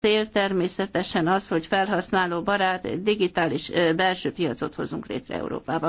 cél természetesen az, hogy felhasználó barát digitális belső piacot hozunk létre Európában.